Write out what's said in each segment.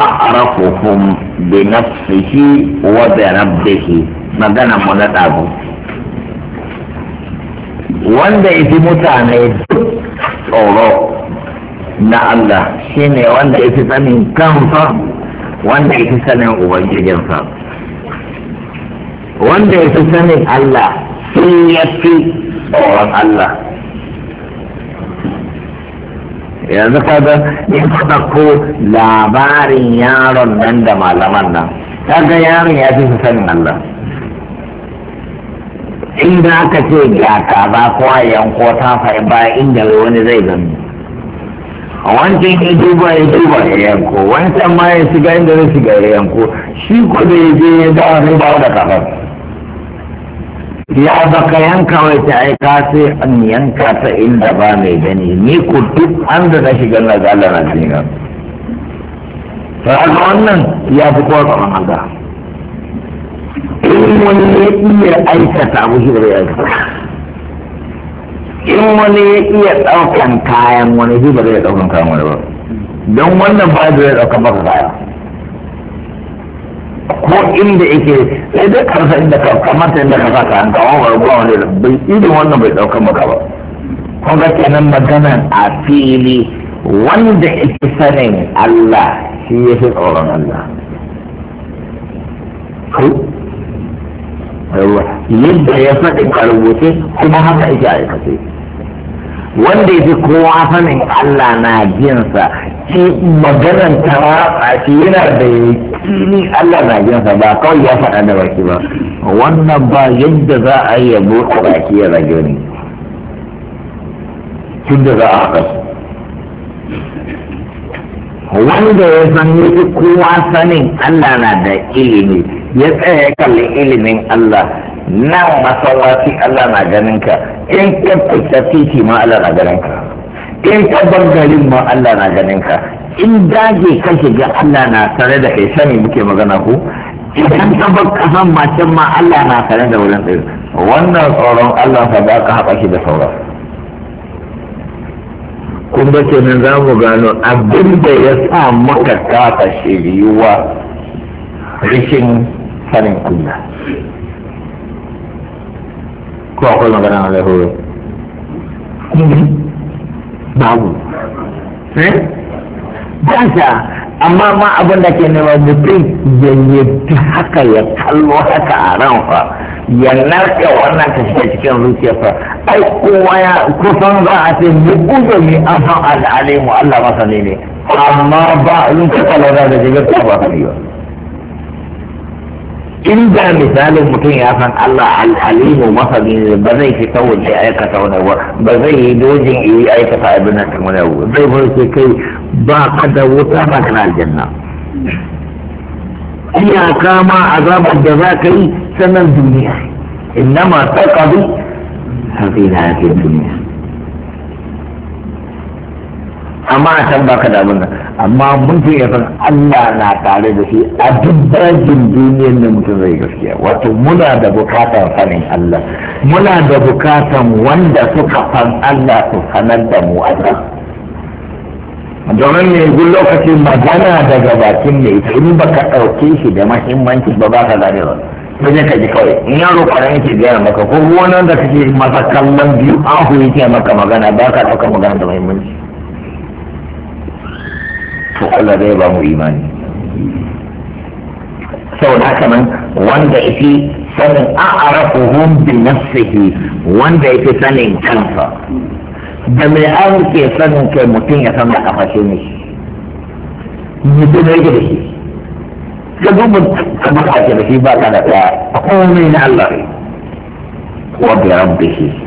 a'rafuhum bi nafsihi wa bi rabbihi magana mu na dabu wanda yafi mutane tsoro na Allah shine wanda yafi sanin kansa wanda yafi sanin ubangijinsa wanda yafi sanin Allah sai yafi tsoron Allah yanzu kada in ka ko labarin yaron nan da malaman nan kaga yaron ya fi su sanin Allah inda aka ce ga ba ko yanko ta fa ba inda wani zai gani wancan ya duba ya duba ya yanko wancan ma ya shiga inda zai shiga ya yanko shi ko da ya je ya dawo ba da kafar ya baka yanka wai ta aika sai an yanka ta inda ba mai gani ni ku duk an da na shiga na zala na zina sa'adu wannan ya fi kowa tsaron Allah in wani ya iya aikata abu shi bai aikata in wani ya iya ɗaukan kayan wani shi bai ɗaukan kayan wani ba don wannan ba zai ɗaukan baka kaya ko inda yake sai dai karsa inda ka kamata inda ka saka an kawo wani ruwa wani da bai irin wannan bai daukar maka ba kun ga kenan magana a fili wanda yake sanin Allah shi ya fi tsoron Allah yadda ya faɗi karubuce kuma haka yake aikace wanda ya fi kowa sanin Allah na jinsa shi maganan ta a shi yana da yakini Allah na jinsa ba kawai ya faɗa da baki ba wannan ba yadda za a yi yabo a baki ya rage ne tun da za a haɗa wanda ya san ya kowa sanin Allah na da ilimi ya tsaya ya kalli ilimin Allah nan masallaci Allah na ganin ka in ka fita titi ma Allah na ganin ka in ka bangarin ma Allah na ganin ka in daji ka shiga Allah na tare da kai sani muke magana ku in ka bar kasan macen ma Allah na tare da wurin tsaye wannan tsoron Allah fa ba ka haɓa shi da sauran kun da ke nan za mu gano abin da ya sa maka kafa shiriyuwa rikin sanin kunya ko akwai magana a lahore babu dasa eh? amma ma abin da ke nema mutum ya yadda haka ya kallo haka a ran fa ya narka wannan ta shiga cikin zuciyarsa ai kowa ya kusan za a ce mu uzo ne an san al'alimu Allah masani ne amma ba yi ka kallo da jirgin ta ba ka yi ba inda misalin mutum ya san Allah al-alimu masani ba zai fi kawai ya aikata wani ba ba zai yi dojin yi aikata abin nan wani ba zai farce kai ba ka da wuta ba kana aljanna iyaka ma azabar da za ka yi sanan duniya innama taqabi hazina yake duniya amma a can baka da abin nan amma mun fi san Allah na tare da shi a duk dajin duniyar da mutum zai gaskiya wato muna da bukatar sanin Allah muna da bukatar wanda suka san Allah su sanar da mu Allah domin ne duk lokacin magana daga bakin ne in baka ɗauke shi da mahimmanci ba ba ka zane ba sai ka ji kawai in yaro kwanan yake gaya maka ko wannan da kake masa kallon biyu ahu yake maka magana ba ka ɗauka magana da mahimmanci to Allah zai ba mu imani Sau da haka nan wanda yake sanin a'arafuhum bi nafsihi wanda yake sanin kansa da mai an ke sanin kai mutum ya san da kafashe ne mutum yake da shi ka duba kamar ake da shi ba ka da ta komai na Allah wa bi rabbihi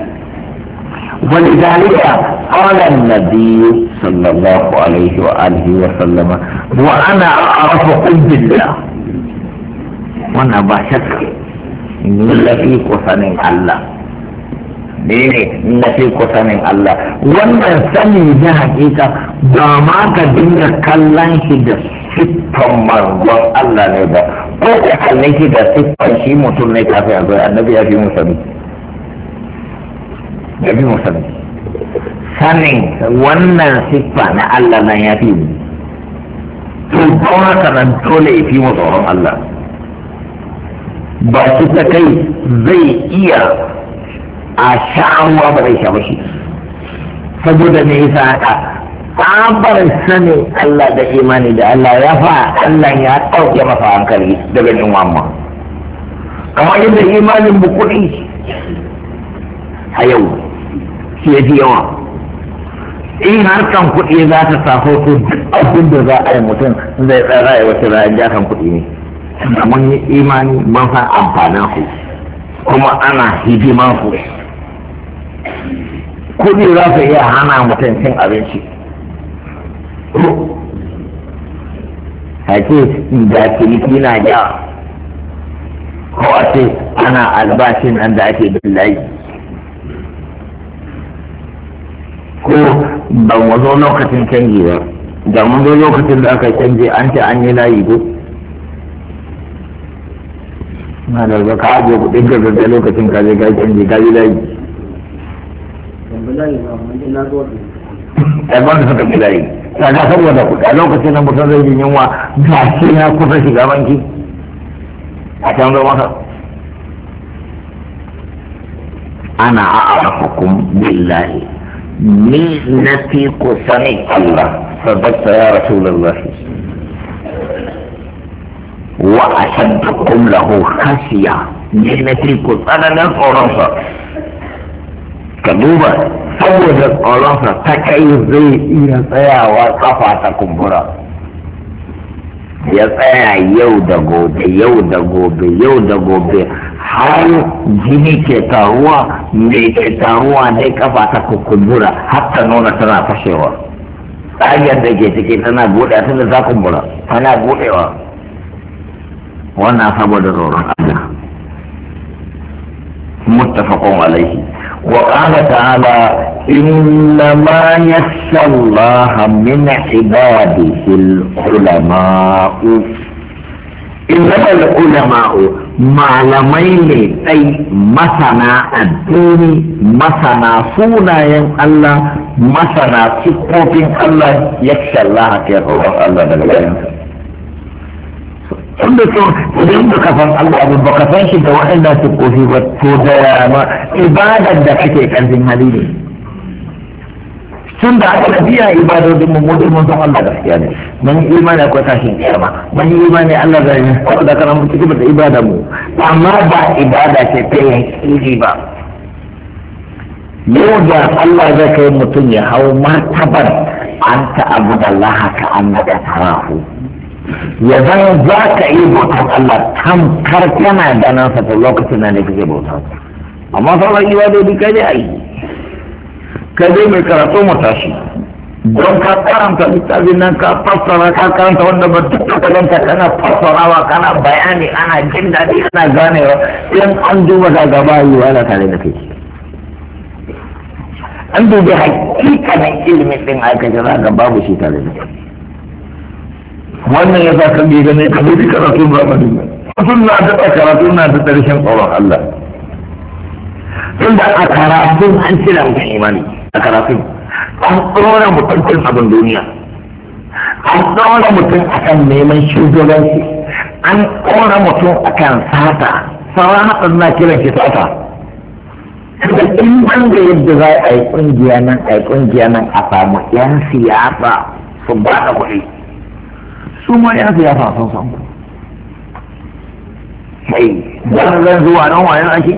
ولذلك قال النبي صلى الله عليه وآله وسلم وأنا أعرف قلب الله وأنا إني لفي قصن الله kusanin Allah wannan sani na hakika ba ma ka dinga kallon shi da siffan manzon Allah ne ba ko ka shi da siffan shi mutum ne kafin a zai annabi ya fi yabi musulmi sanin wannan siffa na Allah nan ya fi to kuma sanan dole ya fi mu tsoron Allah ba su ta kai zai iya a sha'awa ba zai sha ba shi saboda ne yasa haka tsabar sani Allah da imani da Allah ya fa Allah ya ɗauke masa hankali daga yin wamma kamar yadda imanin bukuri kuɗi a yau shi ya fi yawa in harkan kuɗi za ta safo ko abin da za a yi mutum zai tsara ya wata rayan jakan kuɗi ne mun yi imani mun san amfanin ku kuma ana hidiman ku kuɗi za su iya hana mutum cin abinci hake da na ja ko a ce ana albashin nan da ake bin layi ko ban wazo lokacin canji ba da mun zo lokacin da aka canje an ce an yi layi ko na da ba ka ajiye kuɗin ka zai lokacin ka je ka canje ka yi layi Ɗan ba da suka fi layi ga saboda kuɗi a lokacin da mutum zai yi yunwa ga shi na kusa shiga banki a can zo masa ana hukum billahi ملتي قصني الله صدقت يا رسول الله واشدكم له خشيا ملتي قصننا قرصا كدوبا فوز القرصا تكيف زي الى سيا وقفا تكبرا يا سيا يودا غوبي يودا غوبي يودا غوبي har jini ke taruwa mai ke taruwa dai kafa ta kukumbura hatta nuna tana fashewa tsariyar da ke ciki tana buɗe tana za kumbura tana buɗewa wannan saboda tsoron Allah muttafaqun alaihi wa qala ta'ala إنما يخشى الله من عباده العلماء إنما العلماء malamai ne ɗai masana addini masana sunayen Allah masana siffofin Allah ya Allah ke roƙon Allah daga bayansa tunda so idan baka san Allah abin baka san shi da su siffofi ba to da ibadar da kake ƙarfin hali ne tun da aka tafiya ibadodin mu mutum mun san Allah gaskiya ne mun imani akwai tashin kiyama mun imani Allah da ne da kana mun ci da ibada mu amma ba ibada ce ta yanki ba yau da Allah zai kai mutum ya hau martabar an da Allah ka annaka tarahu ya zan za ka yi bautar Allah tamkar kana ganin sa lokacin da kake bautar amma sauran ibadodi kai ne a yi kai dai mai karatu mu tashi don ka karanta littafin nan ka fassara ka karanta wanda ba duk da ganta kana fassarawa kana bayani ana jin daɗi ana ganewa in an duba ka gaba yi wala tare da kai an dubi hakikanin ilimin ɗin aka jira ga babu shi tare da kai wannan ya sa kan gida ne ka dubi karatun zamanin nan mutum na da karatu na da tsarshen tsoron Allah Tun da a karatu an cire mutum imani a karatun an tsoron mutum cin abin duniya an tsoron mutum akan neman shugabanci an tsoron mutum akan sata sauran hakan na kiran shi sata da in ban da yadda za a yi kungiya nan a yi kungiya nan a samu yan siyasa su ba da kuɗi su ma yan siyasa sun san ku sai zan zuwa nan wayan ake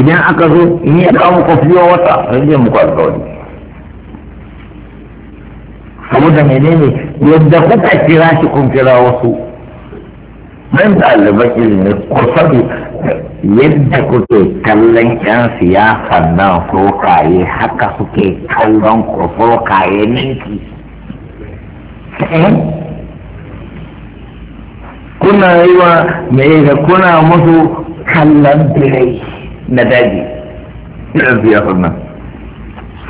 idan aka zo in ya kawo muku fiye wata zai muku alkawari saboda menene yadda kuka kira shi kun kira wasu nan ɗaliban ilimi ku sani yadda kuke kallon 'yan siyasa na sokaye haka suke kallon ku sokaye ninki eh? kuna yi wa mai kuna musu kallon birai na daji irin siyasar nan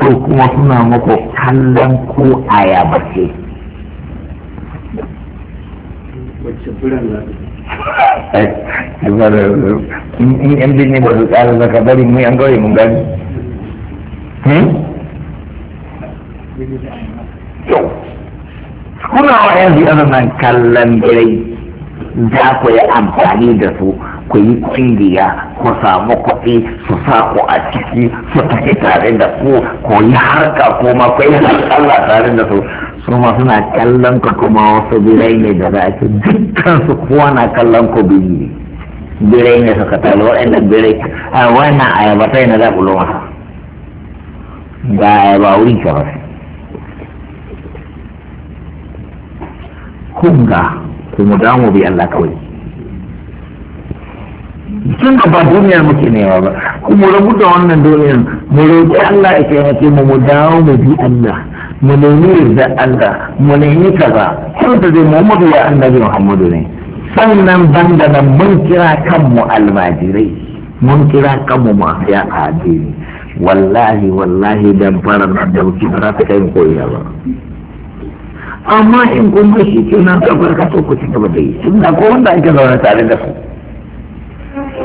su kuma suna mako kallon ko ayaba ce eh, in yan ne ba su tsara zaka bari mu yan gauye mun gani hmm? kuna wa yanzu yanar nan kallon birai za ku yi amfani da su ku yi kungiya ku samu kuɗi su sa ku a ciki su tafi tare da ku ku yi harka ko ma ku yi Allah tare da su su ma suna kallon ku kuma wasu birai ne da zaki dukkan su kowa na kallon ku biyu ne birai ne suka talo waɗanda birai a wannan ayabatai na za ku lo masa ga ayaba wurin ka ba kunga ku mu damu bi Allah kawai tun da ba duniya muke nema ba kuma rabu da wannan duniyan mu roƙi Allah ya taimake mu mu dawo mu bi Allah mu nemi da Allah mu nemi kaza kun da dai Muhammadu ya annabi Muhammadu ne sannan banda nan mun kira kanmu almajirai mun kira kanmu mu ya addini wallahi wallahi dan fara na da wuce ba ta kai koyiya ba amma in kuma shi ke nan ka barka to ku ci gaba da yi tunda ko wanda ake zaune tare da su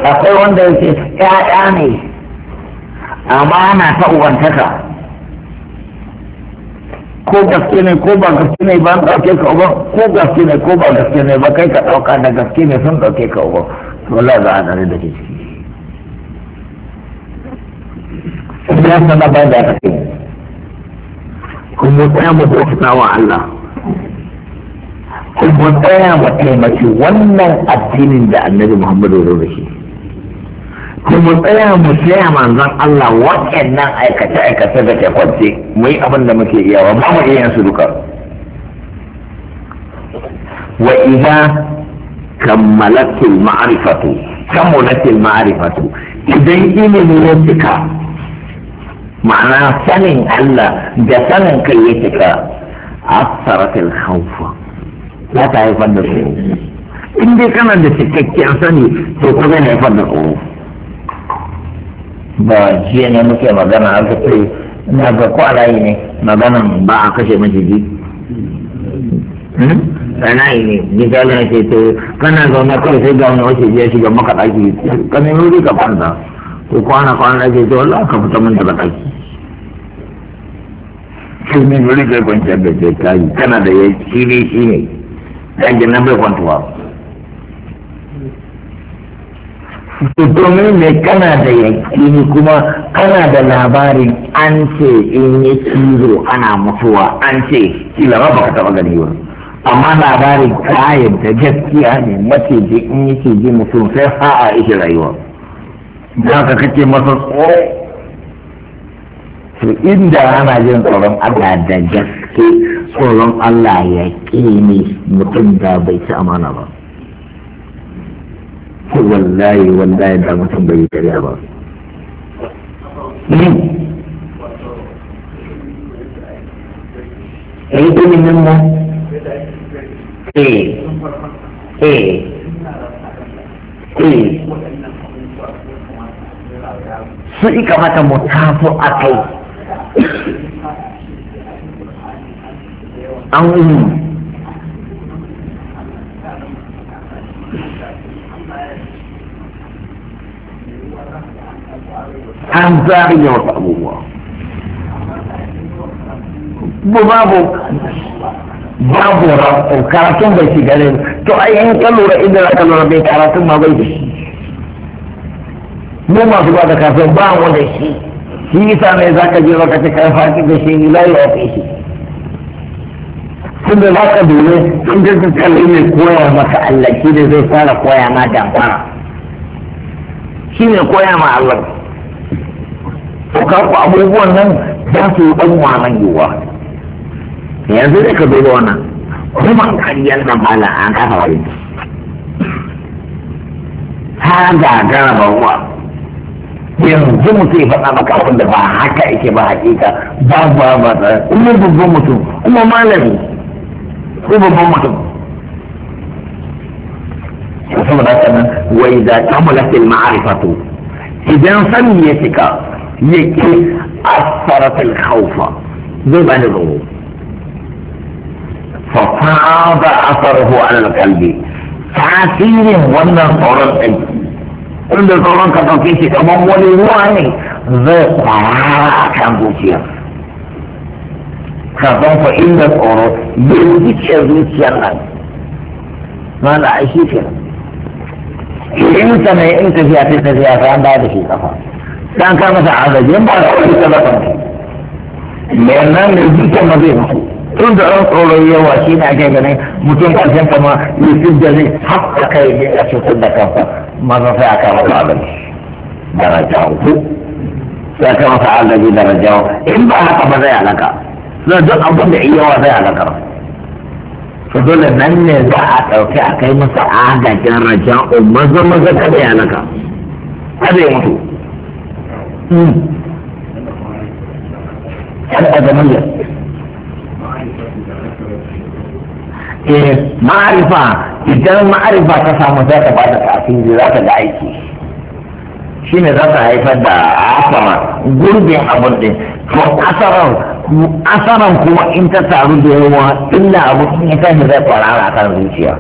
akwai wanda yake ƴaƴa ne amma ana ta uwantaka ko gaske ne ko ba gaske ne ba ɗauke ka uban ko gaske ne ko ba gaske ne ba kai ka ɗauka da gaske ne sun ɗauke ka uban to Allah za a dare da ke ciki ya sana ba da ka kuma tsaya mu bauta wa Allah kuma tsaya mu taimaki wannan addinin da annabi Muhammadu ya zo da shi kuma tsaya mu tsaya manzan Allah waɗannan aikace-aikace da ke kwance mu yi abin da muke iyawa ba mu iya su duka wa idza kammalatil ma'rifatu kammalatil ma'rifatu idan ilimi ya cika ma'ana sanin Allah da sanin kai ya cika asaratil khawfa ya ta haifar da tsoro in dai kana da cikakken sani to kuma zai haifar da tsoro ba jiya ne muke magana aka ce na ga kwalaye ne maganan ba a kashe majiji ranayi hmm? ne misali na ce to kana zauna kawai sai ga wani wace ya shiga maka ɗaki kanin wuri ka kwanta ko kwana kwana ke to Allah ka fita mun daga ɗaki sai min wuri kai kwanciyar da ke kayi kana da ya shi ne shi ne ɗaki nan bai kwantuwa domin me kana da yakini kuma kana da labarin an ce in yi cizo ana mutuwa an ce kila ba baka taba gani ba amma labarin kayan da gaskiya ne da in yi ji mutum sai a ishe rayuwa za ka kace masa tsoro to inda ana jin tsoron Allah da gaske tsoron Allah ya ne mutum da bai ci amana ba ko wallahi wallahi da mutum bai kariya ba eh ilimin nan ba eh eh eh su ika mata mutafu a kai an yi أنا فاعل وفعل أنا بابو بابو أنا كاركين بيسي أنا تو اي أنا قلو لا أنا قلو ربيك أنا ثم بيسي أنا ما في أنا في بابو أنا هي سامع أنا جيرك تكافات أنا لا يعطيه أنا ذاك دوله ثم جزت تكلمي قوية ما كألا كده زي سالة قوية ما دام قوية ما الله to ka ku abubuwan nan za su yi ɗan wanan yiwuwa yanzu ne ka duba wannan kuma kariyar da mala an kafa wani ta gara ba ruwa yanzu mutum ya faɗa maka abin da ba haka yake ba haƙiƙa ba ba ba ta kuma babban mutum kuma malami ko babban mutum saboda haka nan wai da kamula fil ma'arifatu idan sani ya cika يكي أثرت الخوف دون أن يضغوه ففاض أثره على القلب تأثير وانا صورت عند صورت كتوكيشي كمان وليواني ذو كان بوشيا كمان فإن صورت يلوكيشي بوشيا لك ما لا أشيكي إنت ما إنت فيها تلك زيادة عن بعد شيء كفاك dan ka masa agaji ba ka wani talaka ne nan ne zuciya ma zai mutu tun da an tsoro yawa shi ne ake ganin mutum karshen kama ya fi da zai haka kai ne a cutar da kansa maza sai aka masa agaji daraja uku sai aka masa agaji daraja in ba haka ba zai alaka na duk abin da yawa zai alaka su dole nan ne za a ɗauki a kai masa agajin raja'u maza maza kada ya alaka kada ya mutu Yan ma'arifa, idan ma'arifa ta samu da ta ba ta ta a da za ta je aiki. Shin ne za ta haifa da asara gurbi a banɗi? To asaran, asaran kuma in ta taru da yawa illa abincin ya tafi zai kwara kan zuciya.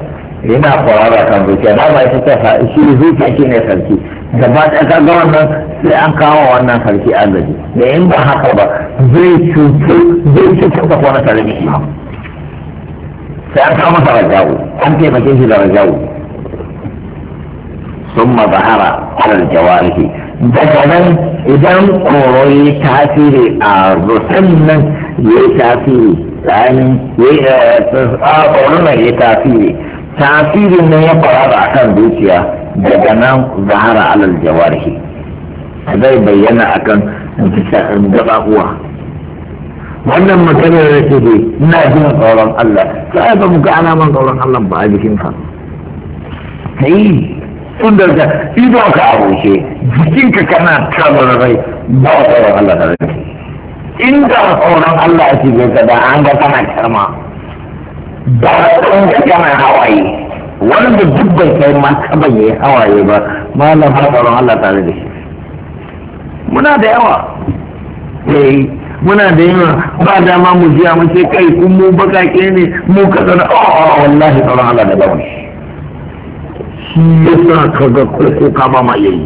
In na kan zuciya. Za ba za ta sa shiri zuci aiki mai sarki. Dabba ta yanka nan. sai an kawo wannan sarki agaji da in ba haka ba zai cuce zai cuce ta kwana tare da shi sai an kawo masa rajawu an taimake shi da rajawu sun mazahara alal jawarihi daga nan idan koro ya tasiri a rutun nan ya tasiri tsanin eh, a koro nan ya tasiri tasirin nan ya kwarara a kan zuciya daga nan zahara alal jawarihi zai bayyana akan gaba uwa wannan maganar da ke dai ina jin tsoron Allah sai ba mu ga alaman tsoron Allah ba a jikin ka kai tun da ka ido ka abuce jikin ka kana tabar rai ba tsoron Allah da rai inda tsoron Allah a cikin ka da an ga kana karma ba tsoron ka kana hawaye wanda dubban kai ma ka bayyana hawaye ba malam har tsoron Allah tare da shi muna da yawa eh muna da yawa ba dama mu jiya mu ce kai kun mu bakake ne mu ka zana a oh, oh, oh, wallahi tsaron Allah da lawan shi yasa kaga ko ka ba ma yayi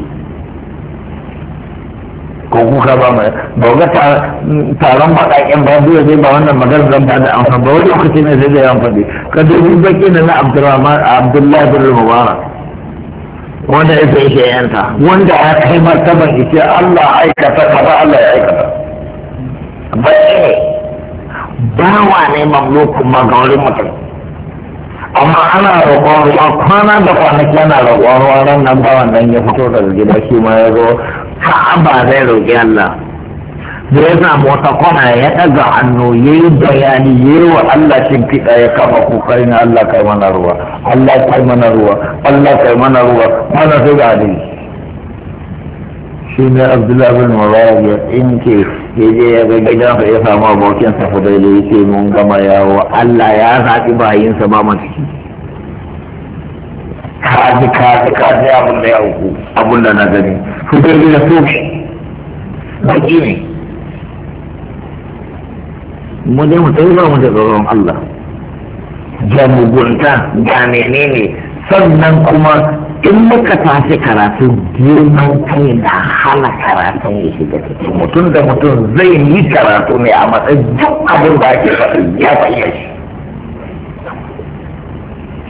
Koko ka ba mai ba ga taron baƙaƙen ba dole zai ba wannan maganar zan ba da amfani ba wani lokaci ne sai da yan faɗi ka dubi baki na na abdullahi bin mubarak wanda yake yake yanta wanda ya kai martaban ita Allah aikata kaza Allah ya aikata bai wa ne mamlukun magaurin mutum amma ana roƙon ruwa kwana da kwanaki ana roƙon ruwa nan ba wannan ya fito daga gida shi ma ya zo ka'aba zai roƙi Allah da ya samu wata kwana ya ɗaga hannu ya yi bayani ya yi wa Allah fiɗa ya kama kokarin na Allah kai mana ruwa Allah kai mana ruwa Allah kai mana ruwa mana su ga ne shi ne Abdullahi bin Mubarak ya tsinke ya je ya ga gidansa ya samu abokin sa Fudailu ya ce mun gama yawo Allah ya zaɓi sa ba mu ciki kaji kaji kaji abun da ya uku abun da na gani Fudailu ya so shi baki ne mu dai mu tsaye ba mu da tsoron Allah Jamugunta mugunta ga menene sannan kuma in muka tashi karatu girman kai da hana karatu ya shiga cikin mutum da mutum zai yi karatu ne a matsayin duk abin da ake faɗi ya bayyana shi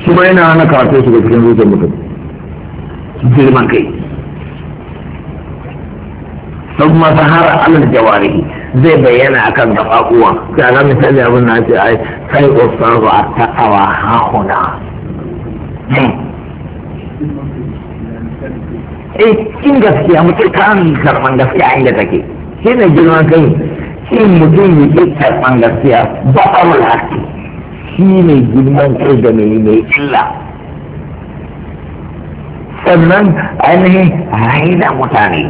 shi ma yana hana karatu shiga cikin zuciyar mutum girman kai sun har alal jawarihi zai bayyana akan gabakuwa ta ga misali abin na ce ai sai ustazu a takawa hahuna hmm. eh in gaskiya mutum kan karban gaskiya inda take shi ne girman kai shi mutum ya ke karban gaskiya ba a mulaki shi ne girman kai da mai mai illa sannan ainihin raina mutane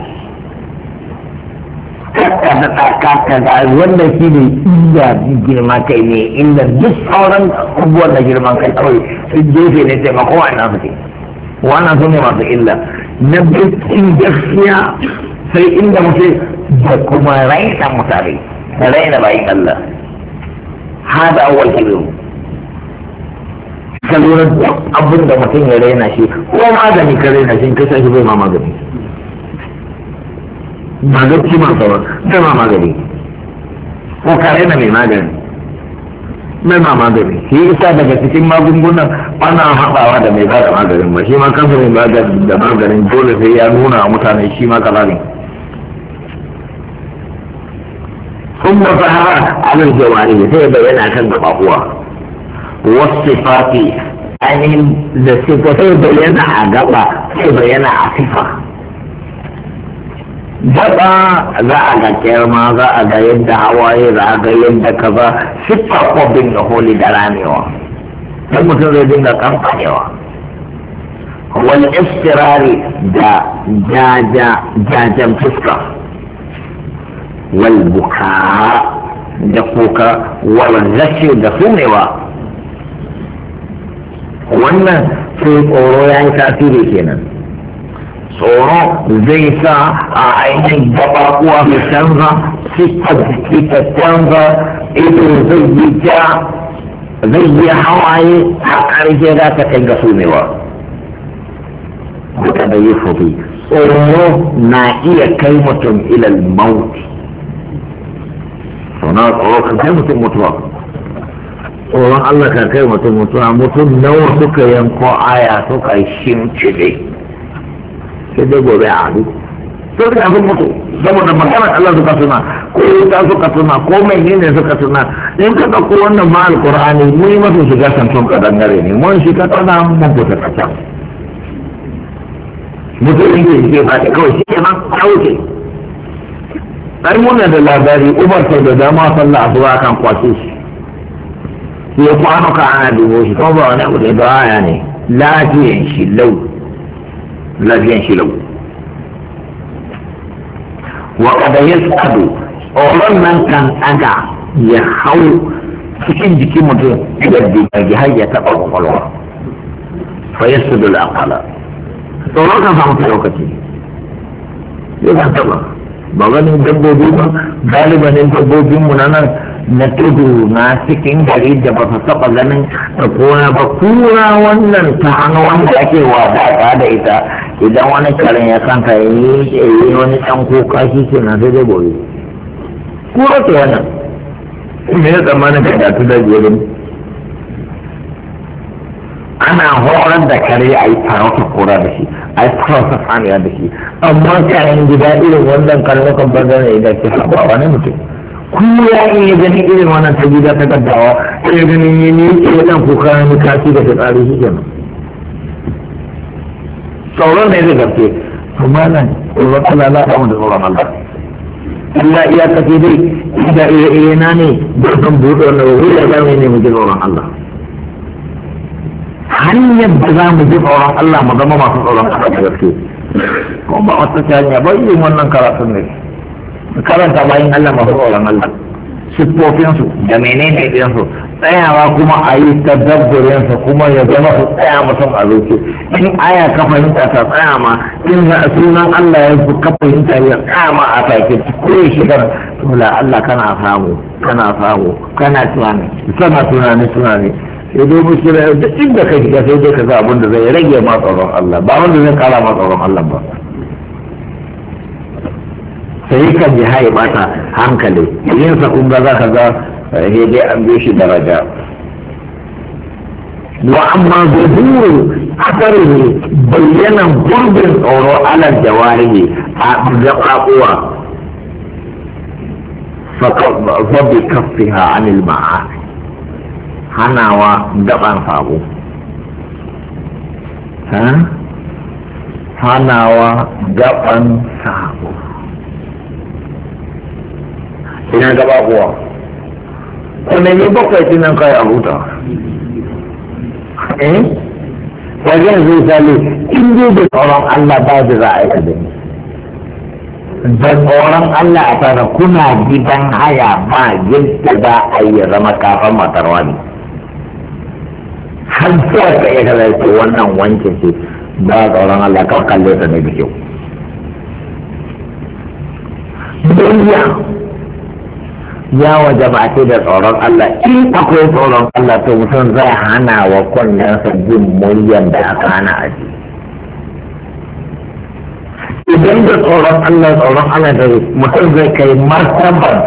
kakka da tsaka da wanda shi ne inda girma kai ne inda duk sauran abubuwan da girman kai kawai su jefe ne sai mako wa ina suke wannan su ne masu illa na bikin gaskiya sai inda mutum da kuma raina mutane raina bayan Allah hada awal kibiru ka lura duk abin da mutum ya raina shi ko magani ka raina shi kasa shi bai ma magani magabci gaci ma ba sai ma magani ko kare na mai magani mai ma magani shi isa daga cikin magungunan ana haɗawa da mai bada maganin ba shi ma kansa mai bada da maganin dole sai ya nuna wa mutane shi ma sun ne ثم ظهر abin jawari sai bayyana kan kuwa wasu fafi ainihin da sai bayyana a gaba sai bayyana a sifa daba za a ga kerma za a ga yadda hawaye za a ga yadda kaza su ko bin da holi da ramewa don mutum zai dinga kamfanewa wani istirari da jajen jajan fuska wal buka da kuka wal rashi da sunewa wannan sai tsoro ya yi tasiri kenan soro zai sa a ainihin gabakuwa mai canza siffar jiki ta canza ido zai yi ja zai yi hawaye har ƙarshe za ta kai ne ga sumewa da yi fobi tsoro na iya kai mutum ilal mauti sauna tsoro kan kai mutum mutuwa tsoron Allah kan kai mutum mutuwa mutum nawa suka yanko aya suka shimcide sai dai gobe a hadu sai suka sun mutu saboda maganar Allah suka suna ko ta suka suna ko mai ne suka suna in ka ɗauko wannan ma alkur'ani mun yi masa shiga santon ka dangare ne mun shi ka tsana mun fita ka can mutum yi ke ba ta kawai shi ke nan kauce ai muna da labari ubar sau da dama sallah asuba kan kwace shi ya kwano ka ana dubo shi kuma ba wani abu da ya ba ne lafiyan shi lau lafiyan shi lau wa kada ya sadu tsoron nan kan aga ya hau cikin jikin mutum yadda ya ji har ya taɓa kwakwalwa fa ya sadu da akwala tsoron kan samu ta lokaci ya kan taɓa ba ganin dabbobi ba galibanin dabbobin mu na nan na tudu na cikin gari da ba su taɓa ganin da kura ba kura wannan ta hannu wanda ake wasa da ita idan wani karen ya kanka ya yi wani ɗan kuka shi ke na sai dai gobe kura ce wannan me ya tsammanin ka da da gobe ana horar da kare a yi farauta kura da shi a yi farauta saniya da shi amma karen gida irin wannan karnukan bangaren idan ke haɓa wani mutum kowa in ya gani irin wannan ta gida ta gaddawa sai ganin ya miƙe wajen kuka ya kashi da fitsari shi kenan tsoron ne zai garke. amma nan tsoron Allah za a da tsoron Allah Allah iya kace dai da ire-ire na ne da kan buɗe wannan wuri da zamu ne mu ji tsoron Allah hanyar da za mu ji tsoron Allah mu zama masu tsoron Allah da gaske kuma ba wata ba irin wannan karatun ne karanta bayan Allah masu tsoron Allah siffofinsu da menene ɗinsu tsayawa kuma a yi tadabburinsa kuma ya zama su tsaya mutum a zuci in aya ka fahimta ta tsaya ma in sunan Allah ya fi ka fahimta ya tsaya ma a take ko ya shigar tula Allah kana samu kana samu kana tunani sana tunani tunani ya zo musu da duk inda ka shiga sai dai ka za abin da zai rage ma tsoron Allah ba wanda zai kara ma tsoron Allah ba sai kan ji haye mata hankali yin sa kun ga za ka ga dai an bi shi daraja wa amma zuhuru asarihi bayyanan gurbin tsoro alal jawarihi a gaɓaɓuwa fabi kaffiha anil ma'asi hanawa gaban sabo hanawa gaban sabo ina gaba kuwa ku nemi bakwai sinan kai a huta eh wajen zai sale in dai da tsoron Allah ba da za a yi da ni da tsoron Allah a tana kuna gidan haya ba yadda za a yi zama kafan matar wani har sai ka iya kaza ce wannan wanke ce ba tsoron Allah kan kalle ta ne da kyau. Duniya ya wajaba ce da tsoron Allah in akwai tsoron Allah to mutum zai hana wa kunnensa jin muryan da aka hana a ji idan da tsoron Allah tsoron Allah da mutum zai kai martaban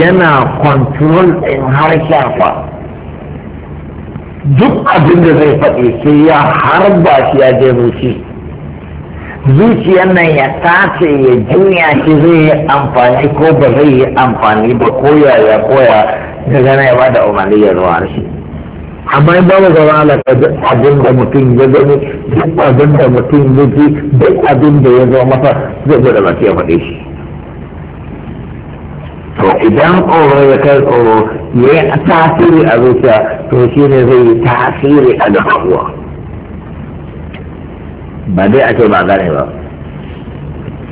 yana control ɗin harshen fa duk abin da zai faɗi sai ya harba shi ya je zuci zuciyar nan ya tace ya juya shi zai yi amfani ko ba zai yi amfani ba koya ya koya daga na ya ba da umarni ya zuwa shi amma in babu zama ala abin da mutum ya gani duk abin da mutum ya ji duk abin da ya zo masa zai zo da baki ya faɗe shi to idan tsoro ya kai tsoro ya yi tasiri a zuciya to shi ne zai yi tasiri a gabawa. ba dai a ce ba gane ba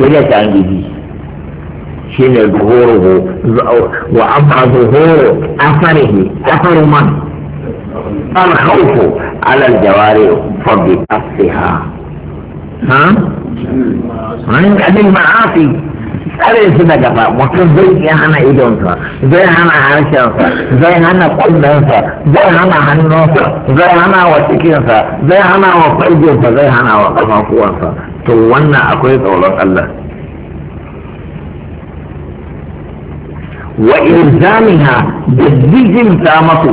yana ta an gidi shi ne zuhoro wa amma zuhoro afarihi afaru man alhaufu alal jawari fabi asiha ha? Rin abin ma'afi tsare su da gaba mutum zai iya hana idonsa zai hana harshensa zai hana kunnensa zai hana hannunsa zai hana wa cikinsa zai hana wa farjinsa zai hana wa kafafuwansa to wannan akwai tsoron Allah wa ilzamiha da bijinta masu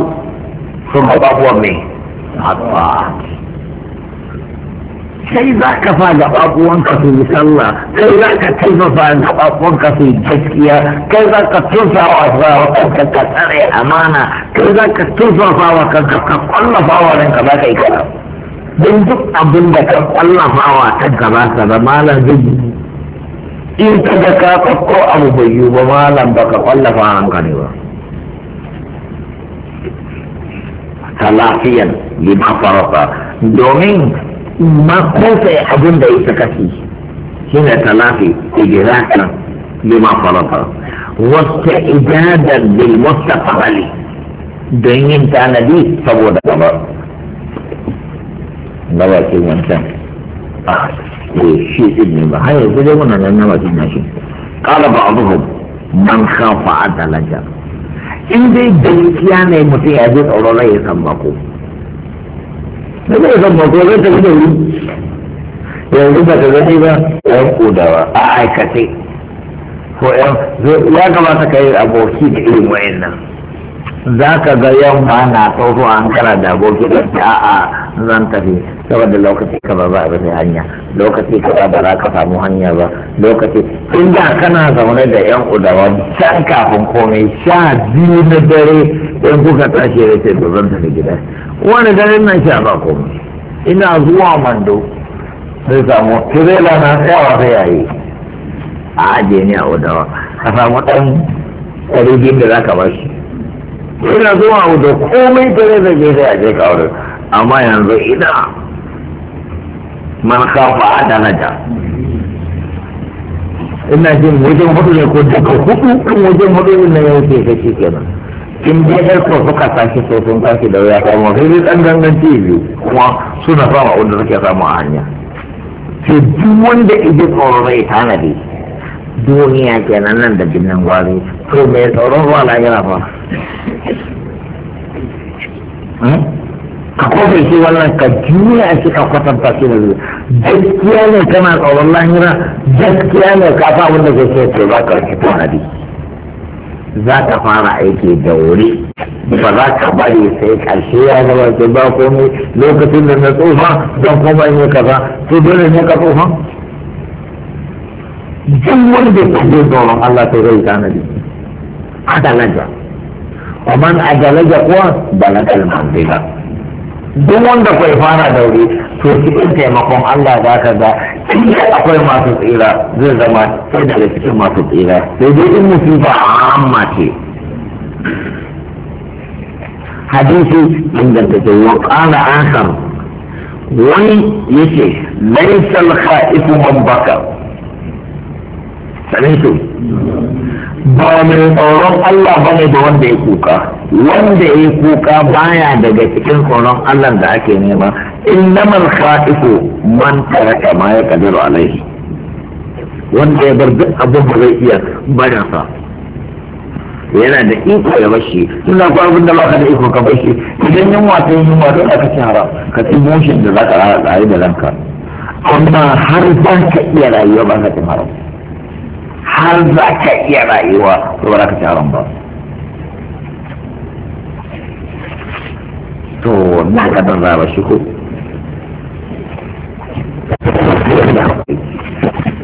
sun kafafuwan mai hatsa kai za ka fa gaɓaɓuwanka su yi sallah kai za ka taimaka gaɓaɓuwanka su yi gaskiya kai za ka turfawa wa kanka ka tsare amana kai za ka turfafa wa kanka ka kwallafa wa ranka za ka yi kaza don duk abin da ka kwallafa wa kanka ba ka ba malam zai yi in ka ga ka kwakko abu bai yi ba malam ba ka kwallafa ranka ne ba. ta lafiyan lima faraka domin ma kosa ya abin da ya sakaci shi ne talafi idiratan lima farata wata ijadar bil mustaqbali don yin tanadi saboda gaba gaba ce wancan a ah, eh, shi ibn ba har yanzu dai muna nan na bakin nashi qala ba'dhum man khafa adalaja in dai gaskiya ne mutum ya ji tsoron rai ya san ba ko da zai zama ko zai tafi da wuri yanzu ba ka gani ba yan kodawa a aikace ko ya kamata ka yi aboki da irin wayannan za ka ga yamma na tsoho an kara da aboki da ta a zan tafi saboda lokaci ka ba ba a hanya lokaci ka ba za ka samu hanya ba lokaci inda kana zaune da yan udawa can kafin komai sha biyu na dare in kuka tashi ya ce to zan tafi gida wani ganin nan ke a ba ina zuwa mando sai samu tirela na tsayawa sai yayi a ajiye ni a wadawa a samu ɗan ɗari da za ka ba shi ina zuwa wuda komai da ke sai a je ka wurin amma yanzu ina man kafa danaja ina jin wajen hudu ne ko daga hudu kan wajen hudu ne ya wuce ka kenan in dai har ko suka tashi sai sun tashi da wuya samu sai dai dan ganganci biyu kuma suna fama wanda suke samu a hanya sai duk wanda ije tsoro zai tanadi duniya kenan nan da binnan gwari to mai tsoron ruwa gina fa hmm? ka kofa shi wannan ka juya shi ka kwatanta shi da zuwa gaskiya ne kana tsoron lahira gaskiya ne ka fa wanda zai ce ba ka na tanadi za ka fara aiki da wuri ba za ka bari sai karshe ya gaba ke ba komai lokacin da na tsofa don kuma in yi kaza to dole ne ka tsufa duk wanda ya kaje tsoron Allah to zai tanadi adalaja wa man adalaja kuwa balagal manzila duk wanda kwai fara daure to cikin taimakon Allah za ka ga akwai masu tsira zai zama sai daga cikin masu tsira sai dai in musifa amma ce hadisi ce wa an asar wani yake laisal kha'ifu man baka sanin ba mai tsoron Allah bane da wanda ya kuka wanda ya kuka baya daga cikin tsoron Allah da ake nema innamal kha'ifu man taraka ma ya kadiru alaihi wanda ya bar duk abin da zai iya barin sa yana da iko ya bashi ina ko abin da ka da iko ka bashi idan yan wata yin wato aka ci haram ka ci motion da za ka rara tsari da ranka amma har ba ka iya rayuwa ba ka ci haram har za ka iya rayuwa to ba za ka ci haram ba to na ka dan raba shi ko